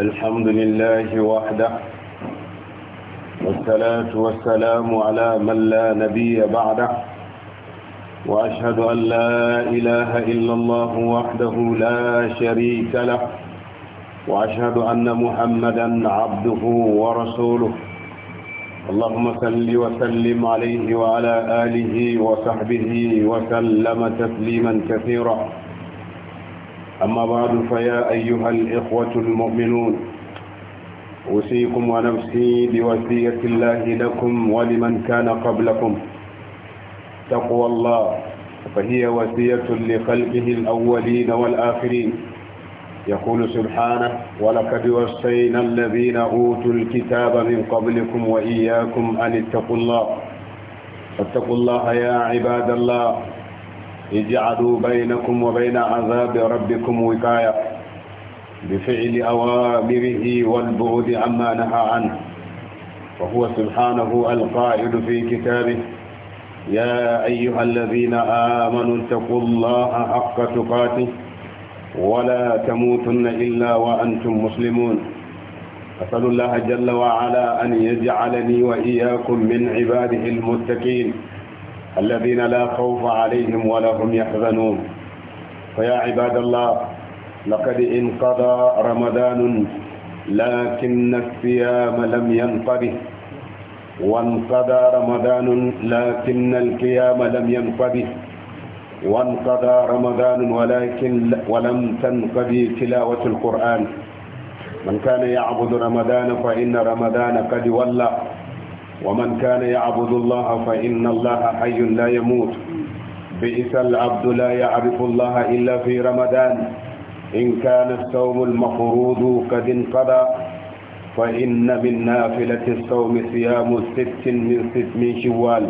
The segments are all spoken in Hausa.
الحمد لله وحده والصلاة والسلام على من لا نبي بعده وأشهد أن لا إله إلا الله وحده لا شريك له وأشهد أن محمدا عبده ورسوله اللهم صل وسلم عليه وعلى آله وصحبه وسلم تسليما كثيرا أما بعد فيا أيها الإخوة المؤمنون أوصيكم ونفسي بوصية الله لكم ولمن كان قبلكم تقوى الله فهي وصية لخلقه الأولين والآخرين يقول سبحانه ولقد وصينا الذين أوتوا الكتاب من قبلكم وإياكم أن اتقوا الله فاتقوا الله يا عباد الله اجعلوا بينكم وبين عذاب ربكم وقاية بفعل أوامره والبعد عما نهى عنه وهو سبحانه القائل في كتابه يا أيها الذين آمنوا اتقوا الله حق تقاته ولا تموتن إلا وأنتم مسلمون أسأل الله جل وعلا أن يجعلني وإياكم من عباده المتقين الذين لا خوف عليهم ولا هم يحزنون فيا عباد الله لقد انقضى رمضان لكن الصيام لم ينقضه وانقضى رمضان لكن القيام لم ينقضه وانقضى رمضان ولكن ولم تنقضي تلاوة القرآن من كان يعبد رمضان فإن رمضان قد ولى ومن كان يعبد الله فإن الله حي لا يموت بئس العبد لا يعرف الله إلا في رمضان إن كان الصوم المفروض قد انقضى فإن من نافلة الصوم صيام ست من ست من شوال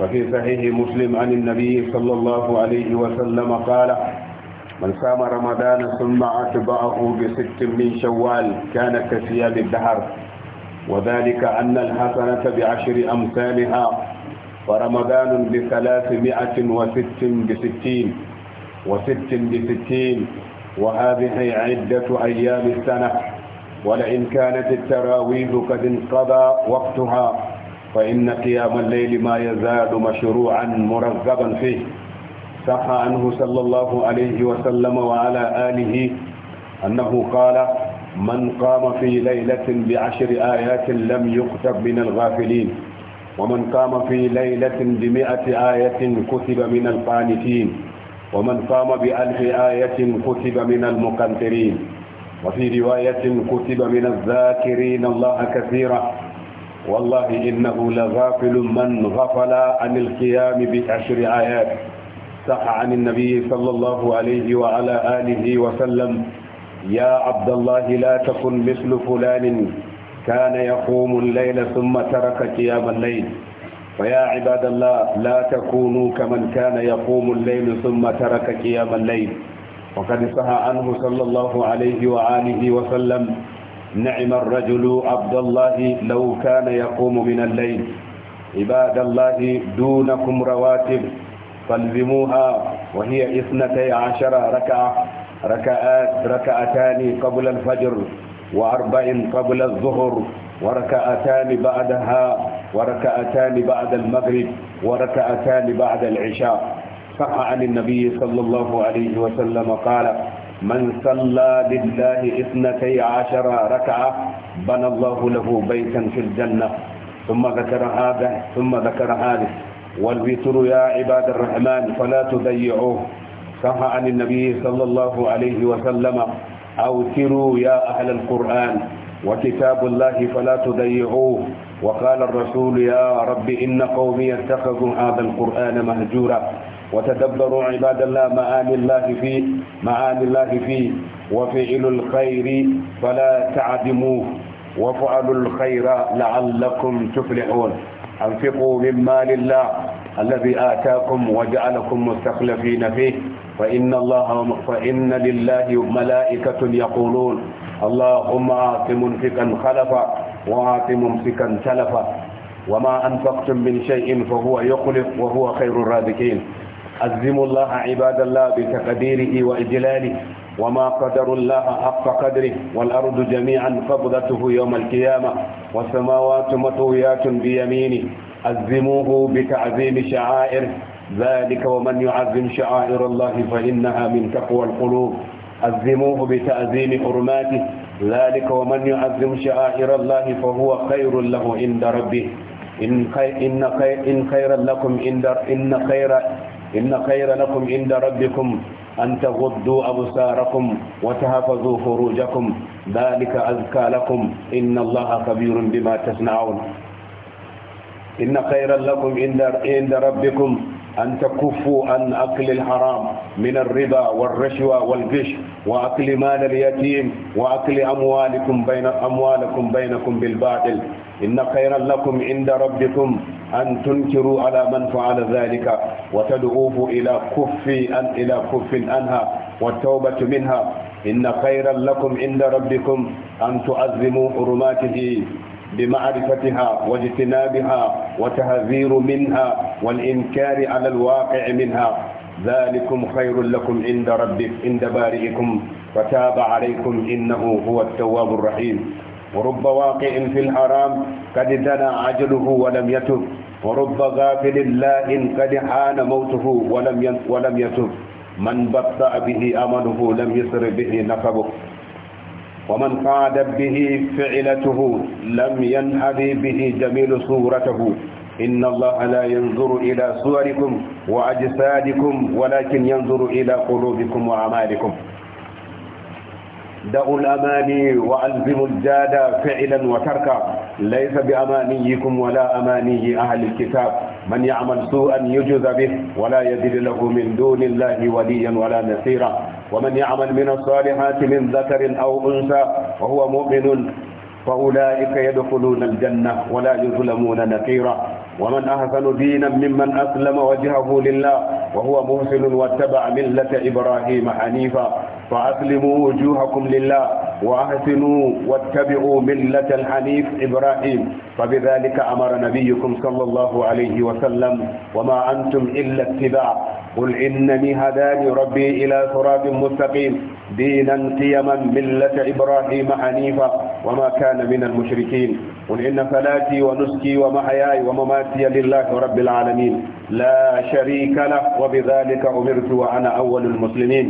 وفي صحيح مسلم عن النبي صلى الله عليه وسلم قال من صام رمضان ثم أتبعه بست من شوال كان كصيام الدهر وذلك أن الحسنة بعشر أمثالها ورمضان بثلاثمائة وست بستين وست بستين وهذه عدة أيام السنة ولئن كانت التراويح قد انقضى وقتها فإن قيام الليل ما يزال مشروعا مرغبا فيه صح عنه صلى الله عليه وسلم وعلى آله أنه قال من قام في ليلة بعشر آيات لم يكتب من الغافلين ومن قام في ليلة بمئة آية كتب من القانتين ومن قام بألف آية كتب من المقنطرين وفي رواية كتب من الذاكرين الله كثيرا والله إنه لغافل من غفل عن القيام بعشر آيات صح عن النبي صلى الله عليه وعلى آله وسلم يا عبد الله لا تكن مثل فلان كان يقوم الليل ثم ترك قيام الليل فيا عباد الله لا تكونوا كمن كان يقوم الليل ثم ترك قيام الليل وقد صح عنه صلى الله عليه وآله وسلم نعم الرجل عبد الله لو كان يقوم من الليل عباد الله دونكم رواتب فالزموها وهي اثنتي عشر ركعة ركعات ركعتان قبل الفجر وأربع قبل الظهر وركعتان بعدها وركعتان بعد المغرب وركعتان بعد العشاء صح عن النبي صلى الله عليه وسلم قال من صلى لله اثنتي عشر ركعة بنى الله له بيتا في الجنة ثم ذكر هذا ثم ذكر هذا والوتر يا عباد الرحمن فلا تضيعوه صح عن النبي صلى الله عليه وسلم أوتروا يا أهل القرآن وكتاب الله فلا تضيعوه وقال الرسول يا رب إن قومي اتخذوا هذا القرآن مهجورا وتدبروا عباد الله معاني الله فيه معاني الله فيه وفعلوا الخير فلا تعدموه وفعلوا الخير لعلكم تفلحون أنفقوا من مال الله الذي آتاكم وجعلكم مستخلفين فيه فإن الله فإن لله ملائكة يقولون اللهم آت منفقا خلفا وآت ممسكا سلفا وما أنفقتم من شيء فهو يخلف وهو خير الرازقين أزموا الله عباد الله بتقديره وإجلاله وما قدر الله حق قدره والأرض جميعا قبضته يوم القيامة والسماوات مطويات بيمينه أزموه بتعظيم شعائره ذلك ومن يعظم شعائر الله فإنها من تقوى القلوب عظموه بتعظيم حرماته ذلك ومن يعظم شعائر الله فهو خير له عند ربه إن خير إن خير إن خير لكم عند إن خير إن خير لكم عند ربكم أن تغضوا أبصاركم وتحفظوا فروجكم ذلك أزكى لكم إن الله خبير بما تصنعون إن خيرا لكم عند ربكم أن تكفوا عن أكل الحرام من الربا والرشوة والغش وأكل مال اليتيم وأكل أموالكم بين أموالكم بينكم بالباطل إن خيرا لكم عند ربكم أن تنكروا على من فعل ذلك وتدعوه إلى كف أن إلى كف عنها والتوبة منها إن خيرا لكم عند ربكم أن تعظموا حرماته بمعرفتها واجتنابها وتهذير منها والإنكار على الواقع منها ذلكم خير لكم عند ربك عند بارئكم فتاب عليكم إنه هو التواب الرحيم ورب واقع في الحرام قد دنا عجله ولم يتب ورب غافل لائن قد حان موته ولم ولم يتب من بطأ به أمله لم يسر به نقبه ومن قادت به فعلته لم ينهدي به جميل صورته إن الله لا ينظر إلى صوركم وأجسادكم ولكن ينظر إلى قلوبكم وأعمالكم دعوا الأماني وألزموا الجاد فعلا وتركا ليس بأمانيكم ولا أماني أهل الكتاب من يعمل سوءا يجز به ولا يجد له من دون الله وليا ولا نصيرا ومن يعمل من الصالحات من ذكر أو أنثى وهو مؤمن فأولئك يدخلون الجنة ولا يظلمون نكيرا ومن أحسن دينا ممن أسلم وجهه لله وهو محسن واتبع ملة إبراهيم حنيفا فأسلموا وجوهكم لله وأحسنوا واتبعوا ملة الحنيف إبراهيم فبذلك أمر نبيكم صلى الله عليه وسلم وما أنتم إلا اتباع قل إنني هداني ربي إلى صراط مستقيم دينا قيما ملة إبراهيم حنيفا وما كان من المشركين قل إن صلاتي ونسكي ومحياي ومماتي لله رب العالمين لا شريك له وبذلك أمرت وأنا أول المسلمين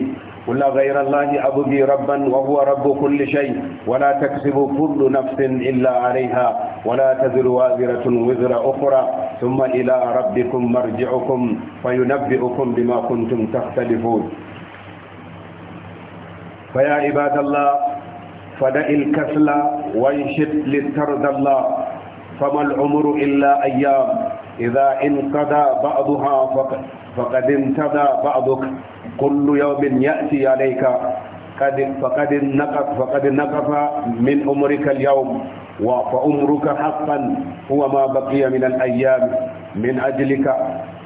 قل غير الله أبغي ربا وهو رب كل شيء ولا تكسب كل نفس إلا عليها ولا تزر وازرة وزر أخرى ثم إلى ربكم مرجعكم فينبئكم بما كنتم تختلفون فيا عباد الله فدع الكسل وانشد لترضى الله فما العمر إلا أيام إذا انقضى بعضها فقد, فقد انتضى بعضك كل يوم يأتي عليك قد فقد نقص فقد نقص من عمرك اليوم وفأمرك حقا هو ما بقي من الأيام من أجلك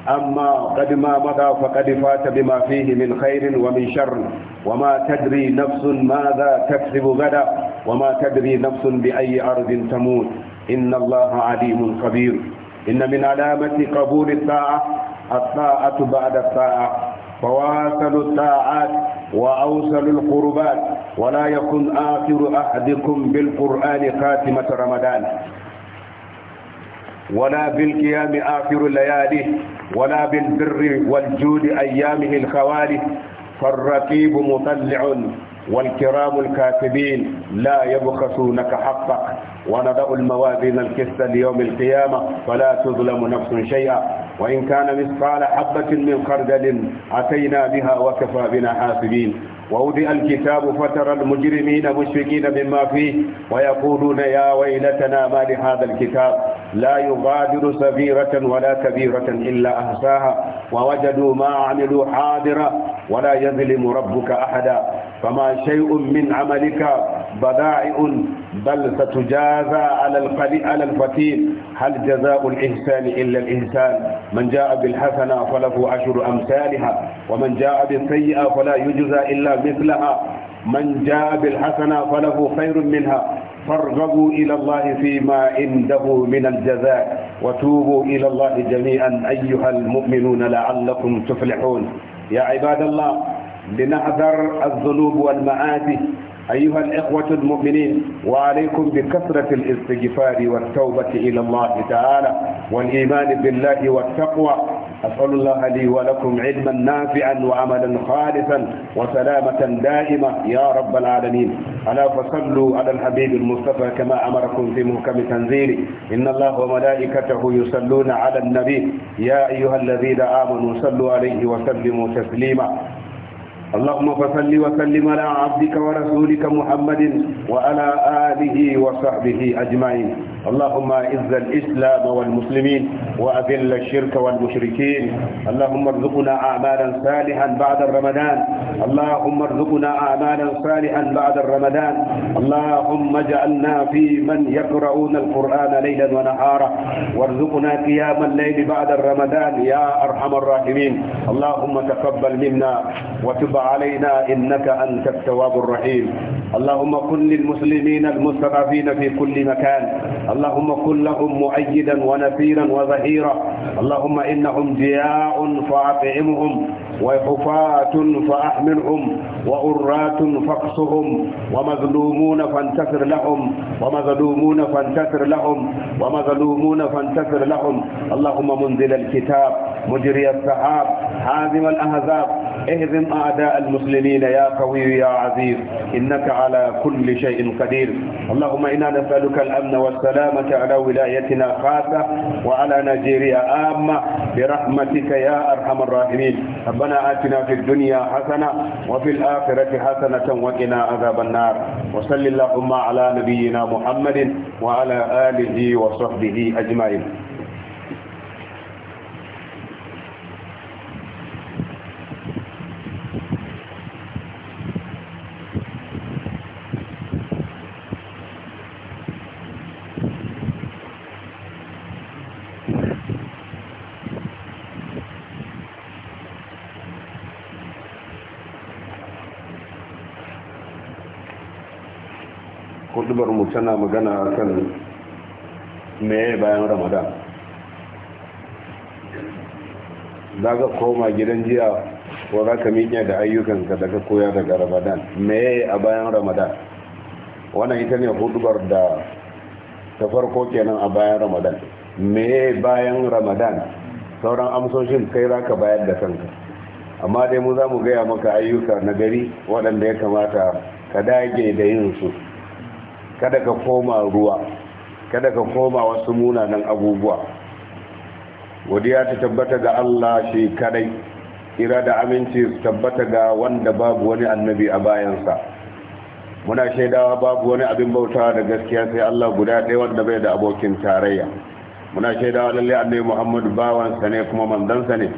أما قد ما مضى فقد فات بما فيه من خير ومن شر وما تدري نفس ماذا تكسب غدا وما تدري نفس بأي أرض تموت إن الله عليم خبير إن من علامة قبول الطاعة الطاعة بعد الطاعة فواسلوا الطاعات وأوصلوا القربات ولا يكن آخر أحدكم بالقرآن خاتمة رمضان ولا بالقيام آخر الليالي ولا بالبر والجود أيامه الخوالي فالرقيب مطلع والكرام الكاتبين لا يبخسونك حقك ونضع الموازين الكسة ليوم القيامة فلا تظلم نفس شيئا وإن كان مثقال حبة من خردل أتينا بها وكفى بنا حاسبين ووضع الكتاب فترى المجرمين مشفقين مما فيه ويقولون يا ويلتنا ما لهذا الكتاب لا يغادر صغيرة ولا كبيرة إلا أهساها ووجدوا ما عملوا حاضرا ولا يظلم ربك أحدا فما شيء من عملك بضائع بل ستجازى على القليل على الفتيل هل جزاء الإنسان إلا الإنسان من جاء بالحسنة فله عشر أمثالها ومن جاء بالسيئة فلا يجزى إلا مثلها من جاء بالحسنة فله خير منها فارغبوا إلى الله فيما عنده من الجزاء وتوبوا إلى الله جميعا أيها المؤمنون لعلكم تفلحون يا عباد الله لنحذر الذنوب والمآسي أيها الإخوة المؤمنين وعليكم بكثرة الاستغفار والتوبة إلى الله تعالى والإيمان بالله والتقوى أسأل الله لي ولكم علما نافعا وعملا خالصا وسلامة دائمة يا رب العالمين ألا فصلوا على الحبيب المصطفى كما أمركم في محكم تنزيله إن الله وملائكته يصلون على النبي يا أيها الذين آمنوا صلوا عليه وسلموا تسليما اللهم فصل وسلم على عبدك ورسولك محمد وعلى آله وصحبه أجمعين اللهم أعز الإسلام والمسلمين وأذل الشرك والمشركين اللهم ارزقنا أعمالا صالحا بعد الرمضان اللهم ارزقنا أعمالا صالحا بعد الرمضان اللهم اجعلنا في من يقرؤون القرآن ليلا ونهارا وارزقنا قيام الليل بعد الرمضان يا أرحم الراحمين اللهم تقبل منا وتب علينا إنك أنت التواب الرحيم اللهم كن للمسلمين المستضعفين في كل مكان اللهم كن لهم مؤيدا ونفيرا وظهيرا اللهم إنهم جياع فأطعمهم وحفاة فأحملهم وأرات فاقصهم ومظلومون فانتصر لهم ومظلومون فانتصر لهم ومظلومون فانتصر لهم اللهم منزل الكتاب مجري السحاب هازم الأهزاب اهزم أعداء المسلمين يا قوي يا عزيز إنك على كل شيء قدير اللهم إنا نسألك الأمن والسلامة على ولايتنا خاصة وعلى نيجيريا عامة برحمتك يا أرحم الراحمين ربنا آتنا في الدنيا حسنة وفي الآخرة حسنة وقنا عذاب النار وصل اللهم على نبينا محمد وعلى آله وصحبه أجمعين tana magana kan meye bayan ramadan za ka koma gidan jiya ko za ka miƙe da ayyukanka da koya daga ramadan meye a bayan ramadan wannan ita ne hudubar da ta farko kenan a bayan ramadan meye bayan ramadan sauran amsoshin kai za ka bayar da kanka amma dai mu za mu gaya maka ayyuka na gari waɗanda ya kamata ka dage da yin su kada ka koma ruwa kada ka koma wasu munanan abubuwa godiya ta tabbata ga Allah shi kadai kira da aminci tabbata ga wanda babu wani annabi a bayansa muna shaidawa babu wani abin bauta da gaskiya sai Allah guda ɗaya wanda bai da abokin tarayya muna shaidawa lalle annabi Muhammad bawansa ne kuma manzansa ne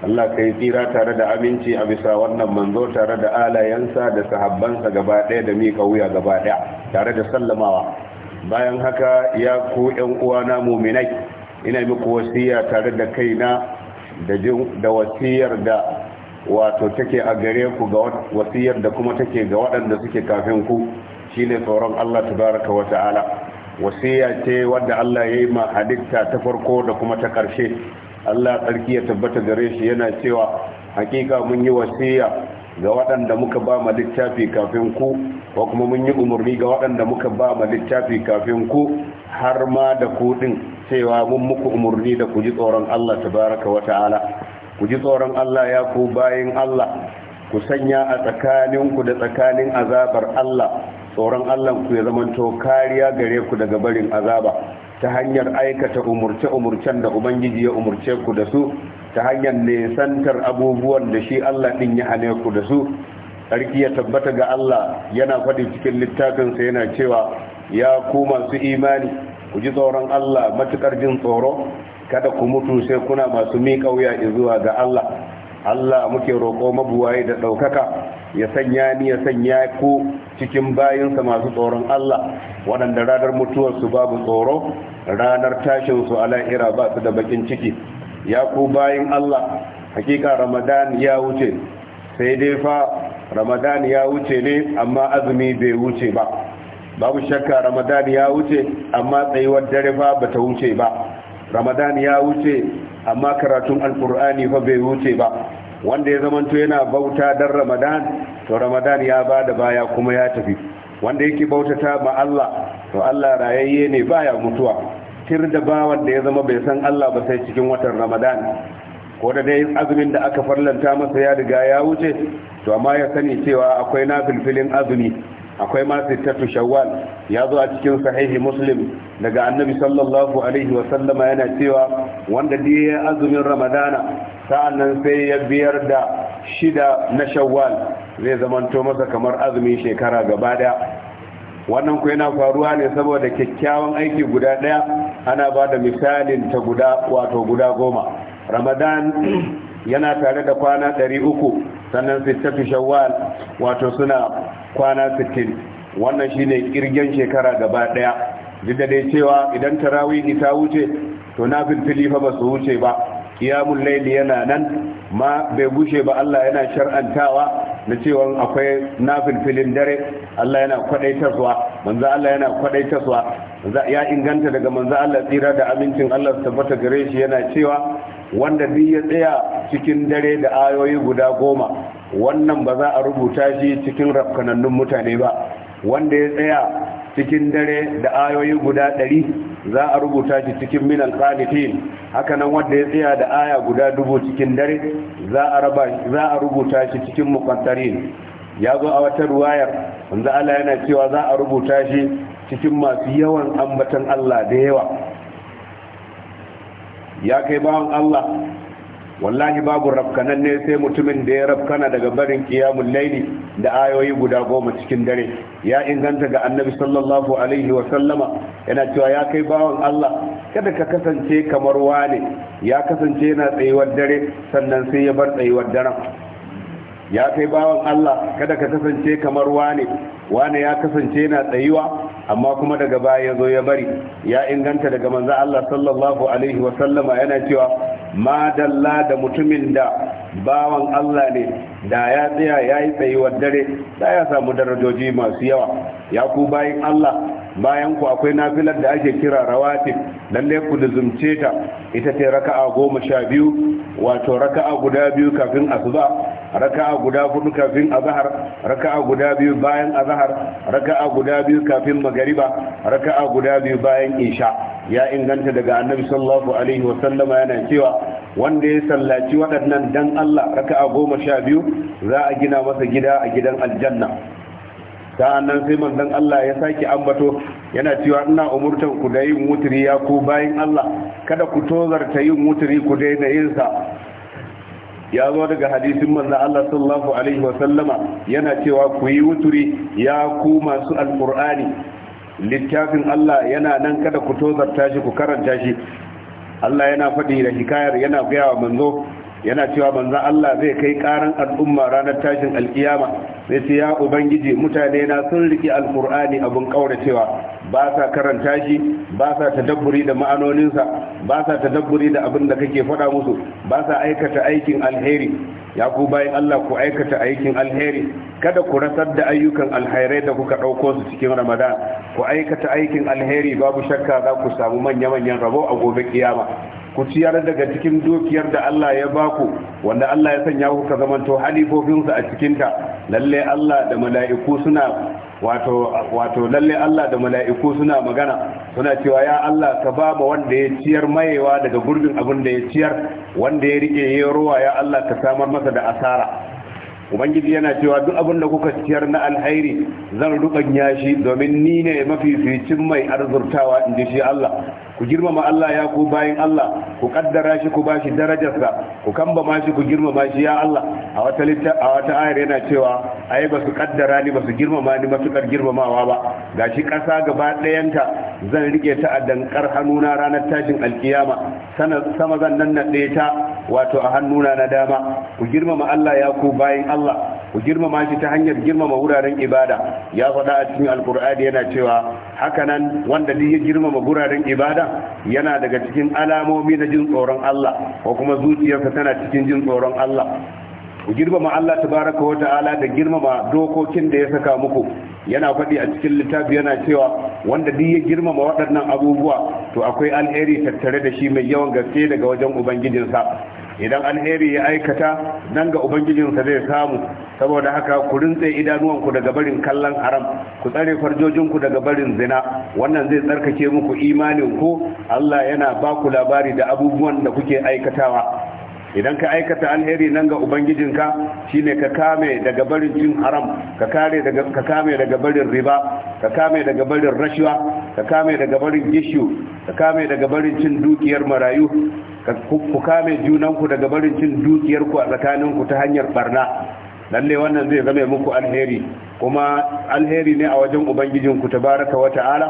Allah ka yi tsira tare da aminci a bisa wannan manzo tare da alayensa da sahabbansa gaba ɗaya da mika wuya gaba ɗaya tare da sallamawa bayan haka ya ku ƴan uwana muminai ina muku wasiya tare da kaina da jin da wasiyar da wato take a gare ku ga wasiyar da kuma take ga waɗanda suke kafin ku shine tsoron Allah tabaraka wa ta'ala wasiya ce wadda Allah ya yi ma halitta ta farko da kuma ta ƙarshe Allah tsarki ya tabbata gare shi yana cewa hakika mun yi wasiya ga waɗanda muka ba ma littafi kafin ku ko kuma mun yi umarni ga waɗanda muka ba ma littafi kafin ku har ma da ku din cewa mun muku umarni da ku ji tsoron Allah tabaraka wa ta'ala ku ji tsoron Allah ya ku bayin Allah ku sanya a tsakaninku da tsakanin azabar Allah tsoron Allah ku ya zamanto kariya gare ku daga barin azaba ta hanyar aikata umurce-umurcen da Ubangiji ya umurce ku da su ta hanyar nesantar abubuwan da shi Allah ɗin ya hane ku da su sarki ya tabbata ga Allah yana faɗi cikin littafinsa yana cewa ya ku masu imani ku ji tsoron Allah matuƙar jin tsoro kada ku mutu sai kuna masu miƙa wuya zuwa ga Allah Allah muke roƙo mabuwaye da ɗaukaka ya sanya ni ya sanya ku cikin bayinsa masu tsoron Allah waɗanda ranar mutuwarsu babu tsoro ranar tashin su a la'ira ba su da bakin ciki ya ku bayin Allah hakika ramadan ya wuce sai dai fa ramadan ya wuce ne amma azumi bai wuce ba babu shakka ramadan ya wuce amma tsayuwar dare fa ta wuce ba ramadan ya wuce amma karatun alkur'ani fa bai wuce ba wanda ya zamanto yana bauta dan ramadan to ramadan ya ba da baya kuma ya tafi wanda yake bautata ma Allah to Allah rayayye ne baya mutuwa tir da bawan da ya zama bai san Allah ba sai cikin watan ramadan ko da dai azumin da aka farlanta masa ya riga ya wuce to amma ya sani cewa akwai na filfilin azumi akwai ma sittatu shawwal ya zo a cikin sahihi muslim daga annabi sallallahu alaihi wa sallama yana cewa wanda ya azumin ramadana nan sai ya biyar da shida na shawwal zai zamanto masa kamar azumin shekara gaba daya wannan ku yana faruwa ne saboda kyakkyawan aiki guda daya ana ba da misalin ta guda wato guda goma ramadan yana tare da kwana 300 sannan sittatu shawwal wato suna kwana 60 wannan shine kirgen shekara gaba daya duk da cewa idan tarawihi ta wuce to nafilfili fa ba su wuce ba qiyamul laili yana nan ma bai gushe ba Allah yana shar'antawa na cewa akwai nafilfilin dare Allah yana kwadaitarwa manzo Allah yana kwadaitarwa ya inganta daga manzo Allah tsira da amincin Allah tabbata gare shi yana cewa wanda duk ya tsaya cikin dare da ayoyi guda goma wannan ba za a rubuta shi cikin rafkanannun mutane ba wanda ya tsaya cikin dare da ayoyi guda ɗari za a rubuta shi cikin minan qanitin haka wanda ya tsaya da aya guda dubu cikin dare za a rubuta shi cikin mukantarin ya zo a wata ruwayar wanda Allah yana cewa za a rubuta shi cikin masu yawan ambatan Allah da yawa ya kai bawan Allah wallahi babu rafkanan ne sai mutumin da ya rafkana daga barin kiyamun laili da ayoyi guda goma cikin dare ya inganta ga annabi sallallahu alaihi wa sallama yana cewa ya kai bawan Allah kada ka kasance kamar wane ya kasance yana tsayuwar dare sannan sai ya bar tsayuwar daren ya kai bawan Allah kada ka kasance kamar wane wane ya kasance na tsayuwa amma kuma daga baya ya zo ya bari ya inganta daga manzo Allah sallallahu alaihi wa yana cewa ma dalla da mutumin da bawan Allah ne da ya tsaya ya yi tsayuwar dare da ya samu darajoji masu yawa ya ku bayin Allah bayan ku akwai nafilar da ake kira rawatib lalle ku luzumce ta ita ce raka'a goma sha biyu wato raka'a guda biyu kafin asuba raka'a guda hudu kafin azhar raka'a guda biyu bayan azhar raka'a guda biyu kafin magariba raka'a guda biyu bayan isha ya inganta daga annabi sallallahu alaihi wa sallama yana cewa wanda ya sallaci waɗannan dan Allah raka'a goma sha biyu za a gina masa gida a gidan aljanna sa'an nan sai manzon Allah ya sake ambato yana cewa ina umurtan ku da yin muturi ya ku bayin Allah kada ku tozarta yin muturi ku daina yin sa ya zo daga hadisin manzon Allah sallallahu alaihi wa sallama yana cewa ku yi wuturi ya ku masu alqur'ani littafin Allah yana nan kada ku tozarta shi ku karanta shi Allah yana faɗi da hikayar yana gaya wa manzo yana cewa banza Allah zai kai karan al'umma ranar tashin alkiyama sai sai ya ubangiji mutane na sun riki alkur'ani abun cewa ba sa karanta shi ba sa tadabburi da ma'anoninsa ba sa tadabburi da abin da kake faɗa musu ba sa aikata aikin alheri ya ku bayan Allah ku aikata aikin alheri kada ku rasar da ayyukan alherai da kuka ɗauko su cikin ramadan ku aikata aikin alheri babu shakka za ku samu manya-manyan rabo a gobe kiyama ku ciyar daga cikin dukiyar da Allah ya baku wanda Allah ya sanya ku ka zamanto halifofinsa a cikinta lalle Allah da mala'iku suna wato wato lalle Allah da mala'iku suna magana suna cewa ya Allah ka ba ma wanda ya ciyar mayewa daga gurbin abin da ya ciyar wanda ya rike ya ruwa ya Allah ka samar masa da asara ubangiji yana cewa duk abin da kuka ciyar na alhairi zan rubanya shi domin ni ne mafificin mai arzurtawa in ji shi Allah ku girmama Allah ya ku bayin Allah ku kaddara shi ku bashi darajarsa ku kamba ma shi ku girmama shi ya Allah a wata a wata ayar yana cewa ai ba su kaddara ni ba su girmama ni matukar girmamawa ba gashi kasa gaba ɗayanta zan rike ta a dankar hannuna ranar tashin alkiyama sana sama zan nan ɗaya ta wato a hannuna na dama ku girmama Allah ya ku bayin Allah ku girmama shi ta hanyar girmama wuraren ibada ya faɗa a cikin alkur'ani yana cewa hakanan wanda duk ya girmama wuraren ibada yana daga cikin alamomi na jin tsoron Allah ko kuma zuciyarsa tana cikin jin tsoron Allah ku girmama Allah tabaraka wa ta'ala da girmama dokokin da ya saka muku yana faɗi a cikin littafi yana cewa wanda duk ya girmama waɗannan abubuwa to akwai alheri tattare da shi mai yawan gaske daga wajen ubangijinsa idan alheri ya aikata nan ga ubangijinsa zai samu saboda haka ku rintse idanuwanku daga barin kallon haram ku tsare farjojinku daga barin zina wannan zai tsarkake muku imanin imaninku Allah yana ba ku labari da abubuwan da kuke aikatawa idan ka aikata alheri nan ga ubangijinka shine ka kame daga barin jin haram ka kare daga ka kame daga barin riba ka kame daga barin rashuwa, ka kame daga barin gishu ka kame daga barin cin dukiyar marayu ka ku kame junanku daga barin cin dukiyar ku a tsakaninku ta hanyar barna lalle wannan zai zama muku alheri kuma alheri ne a wajen ubangijinku tabaraka wa ta'ala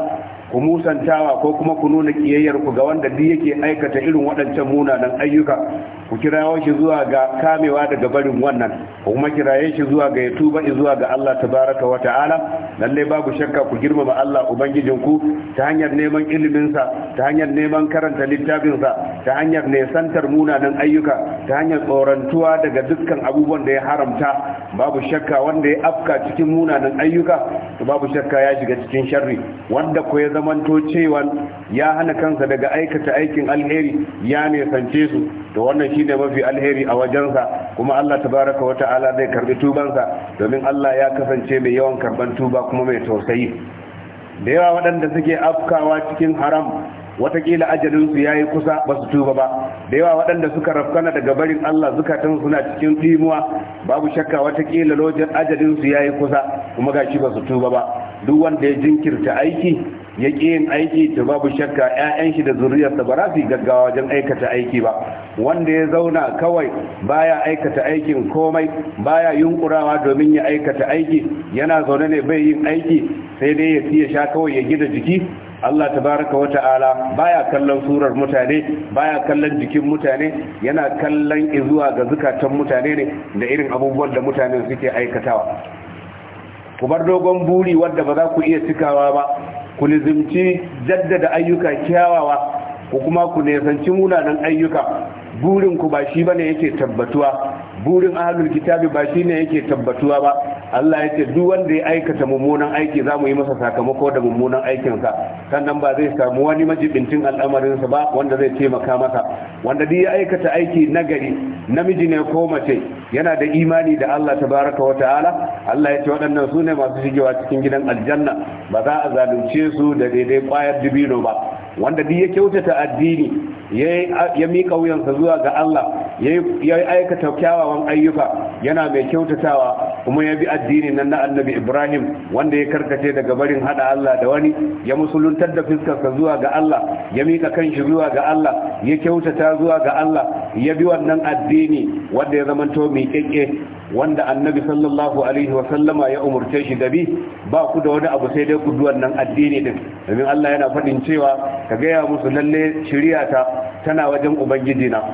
ku musantawa ko kuma ku nuna kiyayyar ku ga wanda duk yake aikata irin waɗancan munanan ayyuka ku kirawo shi zuwa ga kamewa daga barin wannan ku kuma kiraye shi zuwa ga yatuba zuwa ga Allah tabaraka wa ta'ala lalle babu shakka ku girmama Allah ubangijinku ta hanyar neman ilimin sa ta hanyar neman karanta littafin sa ta hanyar nesantar munanan ayyuka ta hanyar tsorantuwa daga dukkan abubuwan da ya haramta babu shakka wanda ya afka cikin munanan ayyuka to babu shakka ya shiga cikin sharri wanda ko ya zamanto cewa ya hana kansa daga aikata aikin alheri ya sance su to wannan shine mafi alheri a wajensa kuma Allah tabaraka wa ta'ala zai karbi tubansa domin Allah ya kasance mai yawan karban tuba kuma mai tausayi da yawa waɗanda suke afkawa cikin haram watakila ajalin su yayi kusa ba su tuba ba da yawa waɗanda suka rafkana daga barin Allah zukatan suna cikin dimuwa babu shakka watakila lojin ajalinsu ya yi kusa kuma gashi ba su tuba ba duk wanda ya jinkirta aiki ya yin aiki to babu shakka 'ya'yan shi da zuriyarsa ba za su gaggawa wajen aikata aiki ba wanda ya zauna kawai baya aikata aikin komai baya yunkurawa domin ya aikata aiki yana zaune ne bai yin aiki sai dai ya siya sha kawai ya gida jiki Allah tabaraka wa ta'ala baya kallon surar mutane baya kallon jikin mutane yana kallon izuwa ga zukatan mutane ne da irin abubuwan da mutane suke aikatawa ku bar dogon buri wanda ba za ku iya cikawa ba ku nizimci jaddada ayyuka kyawawa ko kuma ku nesanci munanan ayyuka burin ku ba shi bane yake tabbatuwa burin ahalul kitabi ba shi ne yake tabbatuwa ba Allah ya ce duk wanda ya aikata mummunan aiki za mu yi masa sakamako da mummunan aikinsa sannan ba zai samu wani majibincin al'amarinsa ba wanda zai taimaka masa wanda duk ya aikata aiki nagari namiji ne ko mace yana da imani da Allah tabaraka wa ta'ala Allah ya ce waɗannan su ne masu shigewa cikin gidan aljanna ba za a zalunce su da daidai kwayar dubino ba wanda duk ya kyautata addini ya miƙa wuyansa zuwa ga Allah ya aikata kyawawan ayyuka yana mai kyautatawa kuma ya bi addinin nan na annabi Ibrahim wanda ya karkace daga barin hada Allah da wani ya musuluntar da fiskarsa zuwa ga Allah ya miƙa kanshi zuwa ga Allah ya kyautata zuwa ga Allah ya bi wannan addini wanda ya zamanto miƙeƙe wanda annabi sallallahu alaihi wa sallama ya umurce shi da bi ba ku da wani abu sai dai ku duwan nan addini din domin Allah yana faɗin cewa ka gaya musu lalle shiriyata tana wajen ubangiji na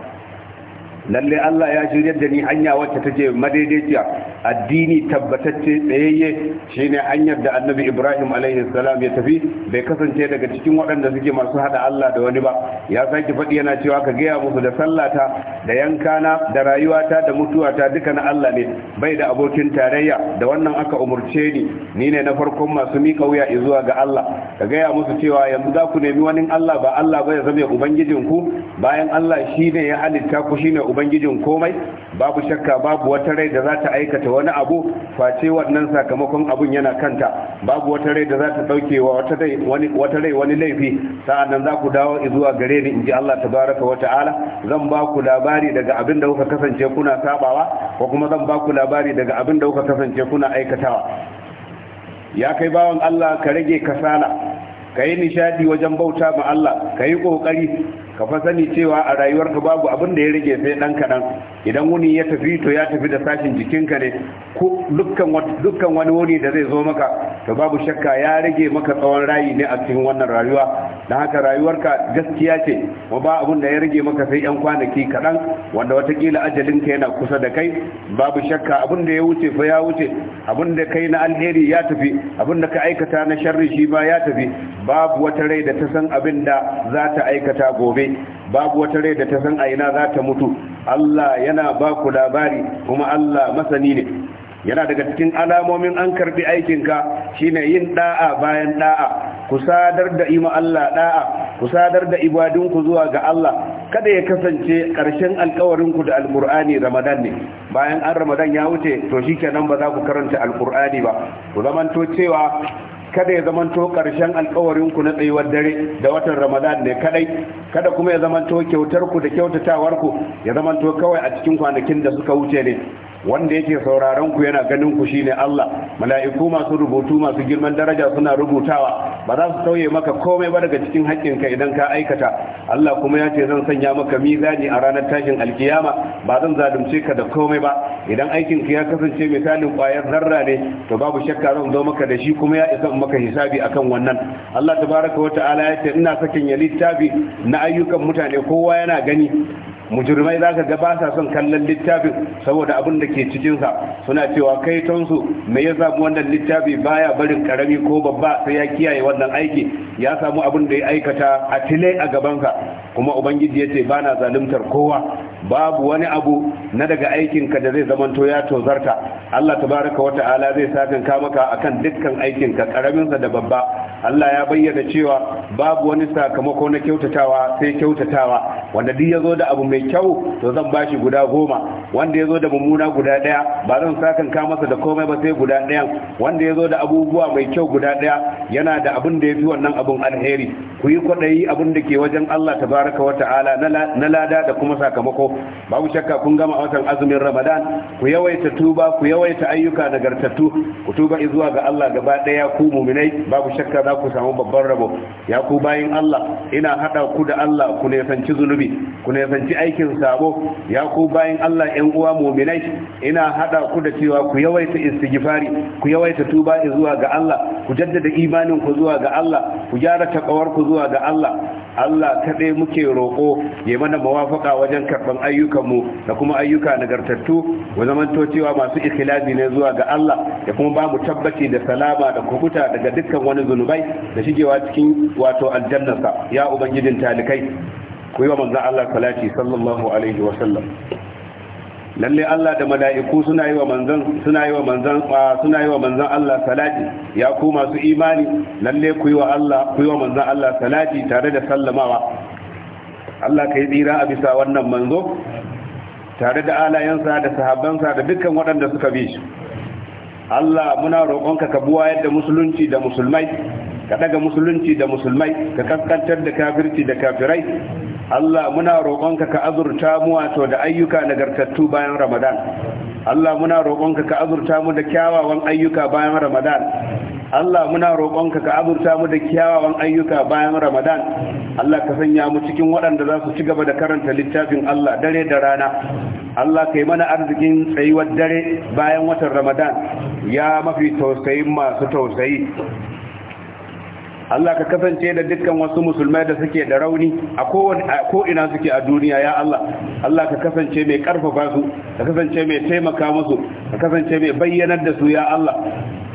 lalle Allah ya shiryar da ni hanya wacce take madaidaiciya addini tabbatacce tsayayye shine hanyar da annabi Ibrahim alaihi salam ya tafi bai kasance daga cikin waɗanda suke masu hada Allah da wani ba ya sake faɗi yana cewa ka gaya musu da sallata da yankana da rayuwata da mutuwata duka na Allah ne bai da abokin tarayya da wannan aka umurce ni ni ne na farkon masu mika wuya zuwa ga Allah ka gaya musu cewa yanzu za ku nemi wani Allah ba Allah ba ya zama ubangijinku bayan Allah shine ya halitta ku shine ubangijin komai babu shakka babu wata rai da za ta aikata wani abu face wannan sakamakon abun yana kanta babu wata rai da za ta dauke wa wata rai wani wata rai wani laifi sa'annan za ku dawo zuwa gare ni inji Allah tabaraka wa ta'ala zan ba ku labari daga abin da kuka kasance kuna sabawa ko kuma zan ba ku labari daga abin da kuka kasance kuna aikatawa ya kai bawan Allah ka rage kasala ka yi nishadi wajen bauta ma Allah ka yi kokari ka fa sani cewa a rayuwarka babu abin da ya rage sai dan kaɗan. idan wani ya tafi to ya tafi da sashin jikinka ne ko dukkan wani wuni da zai zo maka to babu shakka ya rage maka tsawon rayu ne a cikin wannan rayuwa don haka rayuwarka gaskiya ce ma ba abun da ya rage maka sai yan kwanaki kaɗan wanda watakila ajalinka yana kusa da kai babu shakka abun da ya wuce fa ya wuce abun da kai na alheri ya tafi abun da ka aikata na sharri shi ba ya tafi babu wata rai da ta san abin da za ta aikata gobe babu wata rai da ta san a ina za ta mutu Allah yana ana ba ku labari kuma Allah masani ne yana daga cikin alamomin an karbi aikinka shine yin da'a bayan da'a ku sadar da ima Allah da'a ku sadar da ibadunku zuwa ga Allah kada ya kasance karshen alkawarin ku da alƙur'ani ramadan ne bayan an ramadan ya wuce to shikenan ba za ku karanta alƙur'ani ba ku zamanto cewa kada ya zamanto karshen alkawarin ku na tsayuwar dare da watan ramadan ne kadai kada kuma ya zamanto kyautar ku da kyautatawar ku ya zamanto kawai a cikin kwanakin da suka wuce ne wanda yake sauraron ku yana ganin ku shine Allah mala'iku masu rubutu masu girman daraja suna rubutawa ba za su tauye maka komai ba daga cikin ka idan ka aikata Allah kuma ya ce zan sanya maka mizani a ranar tashin alkiyama ba zan zalunce ka da komai ba idan aikin ka ya kasance misalin ƙwayar zarra ne to babu shakka zan zo maka da shi kuma ya isa maka hisabi akan wannan Allah tabaraka wa ta'ala ya ce ina sakin ya littafi na ayyukan mutane kowa yana gani mujirmai za ka ga ba sa son kallon littafin saboda abin da ke cikinsa suna cewa kai tonsu me ya samu wannan littafi baya barin karami ko babba sai ya kiyaye wannan aiki ya samu abin da ya aikata a tile a gabanka kuma ubangiji ya ce ba na zaluntar kowa babu wani abu na daga aikinka da zai zamanto ya tozarta Allah tabaraka wata ala zai sakin ka maka akan dukkan aikinka karaminsa da babba Allah ya bayyana cewa babu wani sakamako na kyautatawa sai kyautatawa wanda duk ya zo da abu mai kyau to zan bashi guda goma wanda ya zo da mumuna guda ɗaya ba zan sakanka masa da komai ba sai guda ɗaya wanda ya zo da abubuwa mai kyau guda ɗaya yana da abin da ya fi wannan abin alheri ku yi kwaɗayi abin da ke wajen Allah tabaraka wa ta'ala na lada da kuma sakamako babu shakka kun gama watan azumin ramadan ku yawaita tuba ku yawaita ayyuka nagartattu ku tuba zuwa ga Allah gaba ɗaya ku muminai babu shakka za ku samu babban rabo ya ku bayin Allah ina hada ku da Allah ku ne sanci zunubi ku ne sanci aikin sabo ya ku bayin Allah ƴan uwa mu'minai ina hada ku da cewa ku yawaita istighfari ku yawaita tuba zuwa ga Allah ku jaddada imanin ku zuwa ga Allah ku gyara takawar ku zuwa ga Allah Allah kaɗai muke roƙo ya mana mawafaka wajen karɓan ayyukanmu da kuma ayyuka nagartattu wa zamanto cewa masu ikhlasi ne zuwa ga Allah da kuma ba mu tabbaci da salama da kukuta daga dukkan wani zunubai da shigewa cikin wato aljannarsa ya ubangijin talikai ku yi wa manzon Allah salati sallallahu alaihi wa sallam lalle Allah da mala'iku suna yi wa manzan suna yi wa manzan suna yi wa manzan Allah salati ya ku masu imani lalle ku yi wa Allah ku yi wa manzan Allah salati tare da sallamawa Allah ka kai tsira a bisa wannan manzo tare da alayansa da sahabbansa da dukkan waɗanda suka bi shi Allah muna roƙonka ka buwa yadda musulunci da musulmai ka daga musulunci da musulmai ka kaskantar da kafirci da kafirai Allah muna roƙonka ka azurta mu wato da ayyuka nagartattu bayan Ramadan Allah muna roƙonka ka azurta mu da kyawawan ayyuka bayan Ramadan Allah muna roƙonka ka azurta mu da kyawawan ayyuka bayan Ramadan. Allah ka sanya mu cikin waɗanda za su ci gaba da karanta littafin Allah dare da rana. Allah kai mana arzikin tsayuwar dare bayan watan Ramadan. Ya mafi tausayin masu tausayi. Allah ka kasance da dukkan wasu musulmai da suke da rauni a ina suke a duniya ya Allah Allah ka kasance mai karfafa su ka kasance mai taimaka musu ka kasance mai bayyanar da su ya Allah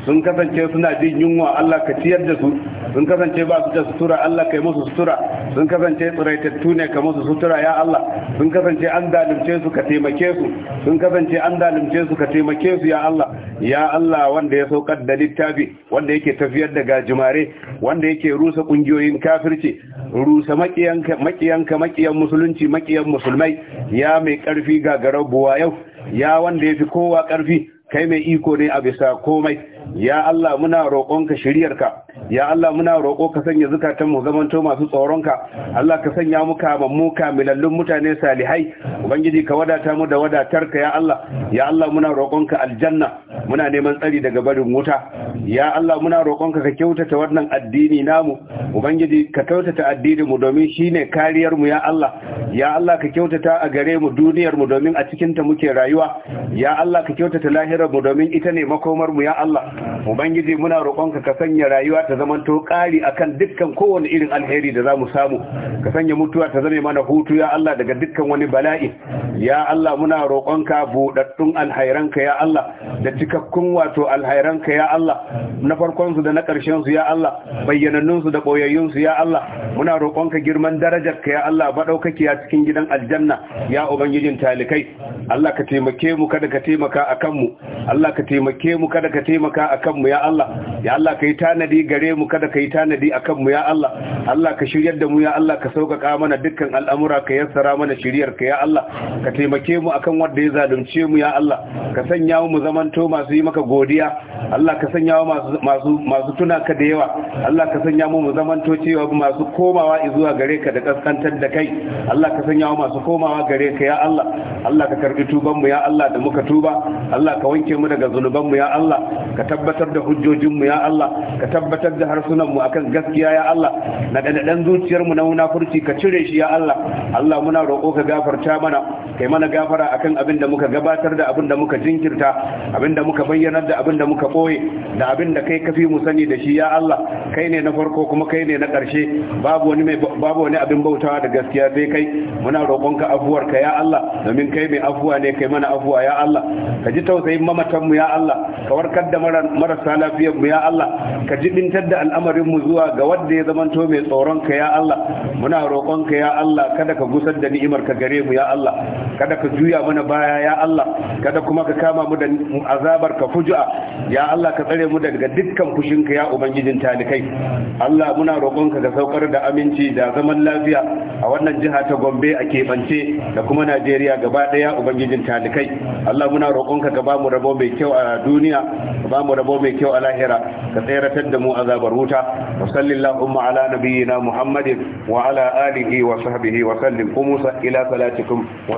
sun kasance suna jin yunwa Allah ka ciyar da su sun kasance ba su da sutura Allah ka yi musu sutura sun kasance tsiraitattu ne ka musu sutura ya Allah sun kasance an dalimce su ka taimake su sun kasance an dalimce su ka taimake su ya Allah ya Allah wanda ya saukar da littafi wanda yake tafiyar da gajimare wanda yake rusa kungiyoyin kafirci rusa makiyanka makiyanka makiyan musulunci makiyan musulmai ya mai karfi gagarar buwa yau ya wanda ya fi kowa karfi kai mai iko ne a bisa komai ya Allah muna roƙonka shiryarka ya Allah muna roƙo ka sanya zukatan mu zamanto masu tsoronka Allah ka sanya mu kamammu kamilallun mutane salihai ubangiji ka wadata mu da wadatarka ya Allah ya Allah muna roƙonka aljanna muna neman tsari daga barin wuta ya Allah muna roƙonka ka kyautata wannan addini namu ubangiji ka kyautata addini mu domin shine kariyar mu ya Allah ya Allah ka kyautata a gare mu duniyar mu domin a cikin ta muke rayuwa ya Allah ka kyautata lahirar mu domin ita ne makomar mu ya Allah ubangiji muna roƙonka ka sanya rayuwa ta zaman to kari akan dukkan kowane irin alheri da zamu samu ka sanya mutuwa ta zame mana hutu ya Allah daga dukkan wani bala'i ya Allah muna roƙonka buɗaɗɗun alhairanka ya Allah da cikin cikakkun wato alhairanka ya Allah na farkonsu da na ƙarshensu ya Allah bayyanannunsu da ɓoyayyunsu ya Allah muna roƙonka girman darajar ka, ya Allah baɗaukaki a cikin gidan aljanna ya ubangijin talikai Allah ka taimake mu kada ka taimaka a kanmu Allah ka taimake mu kada ka taimaka a kanmu ya Allah ya Allah ka yi tanadi gare mu kada ka yi tanadi a kanmu ya Allah Allah ka shiryar da mu ya Allah ka sauƙaƙa mana dukkan al'amura ka yassara mana shiryar ka ya Allah ka taimake mu akan wanda ya zalunce mu ya Allah ka sanya mu zamanto masu yi maka godiya Allah ka sanya mu masu masu tuna ka da yawa Allah ka sanya mu mu zamanto cewa masu komawa zuwa gare ka da kaskantar da kai Allah ka sanya mu masu komawa gare ka ya Allah Allah ka karbi tuban mu ya Allah da muka tuba Allah ka wanke mu daga zunuban mu ya Allah ka tabbatar da hujjojin mu ya ya Allah ka tabbatar da harsunan mu akan gaskiya ya Allah na dadadan zuciyar mu na munafurci ka cire shi ya Allah Allah muna roƙo ka gafarta mana kai mana gafara akan abin da muka gabatar da abin da muka jinkirta abin da muka bayyanar da abin da muka boye da abin da kai kafi mu sani da shi ya Allah kai ne na farko kuma kai ne na ƙarshe babu wani mai babu wani abin bautawa da gaskiya sai kai muna roƙonka afuwarka ya Allah domin kai mai afuwa ne kai mana afuwa ya Allah ka ji tausayin mamatan mu ya Allah ka warkar da marasa lafiyar mu ya Allah ka ji bintar da al'amarin mu zuwa ga wanda ya zamanto mai tsoron ka ya Allah muna roƙonka ya Allah kada ka gusar da ni'imar ka gare mu ya Allah kada ka juya mana baya ya Allah kada kuma ka kama mu da azabar ka fujua ya Allah ka tsare mu daga dukkan fushinka ya ubangijin talikai Allah muna roƙon ka saukar da aminci da zaman lafiya a wannan jiha ta Gombe a keɓance da kuma Najeriya gaba ɗaya ubangijin talikai Allah muna roƙon ka ba mu rabo mai kyau a duniya ka ba mu rabo mai kyau a lahira ka tseratar da mu azabar wuta wa sallallahu ala nabiyyina Muhammadin wa ala alihi wa sahbihi wa sallim qumu ila salatikum wa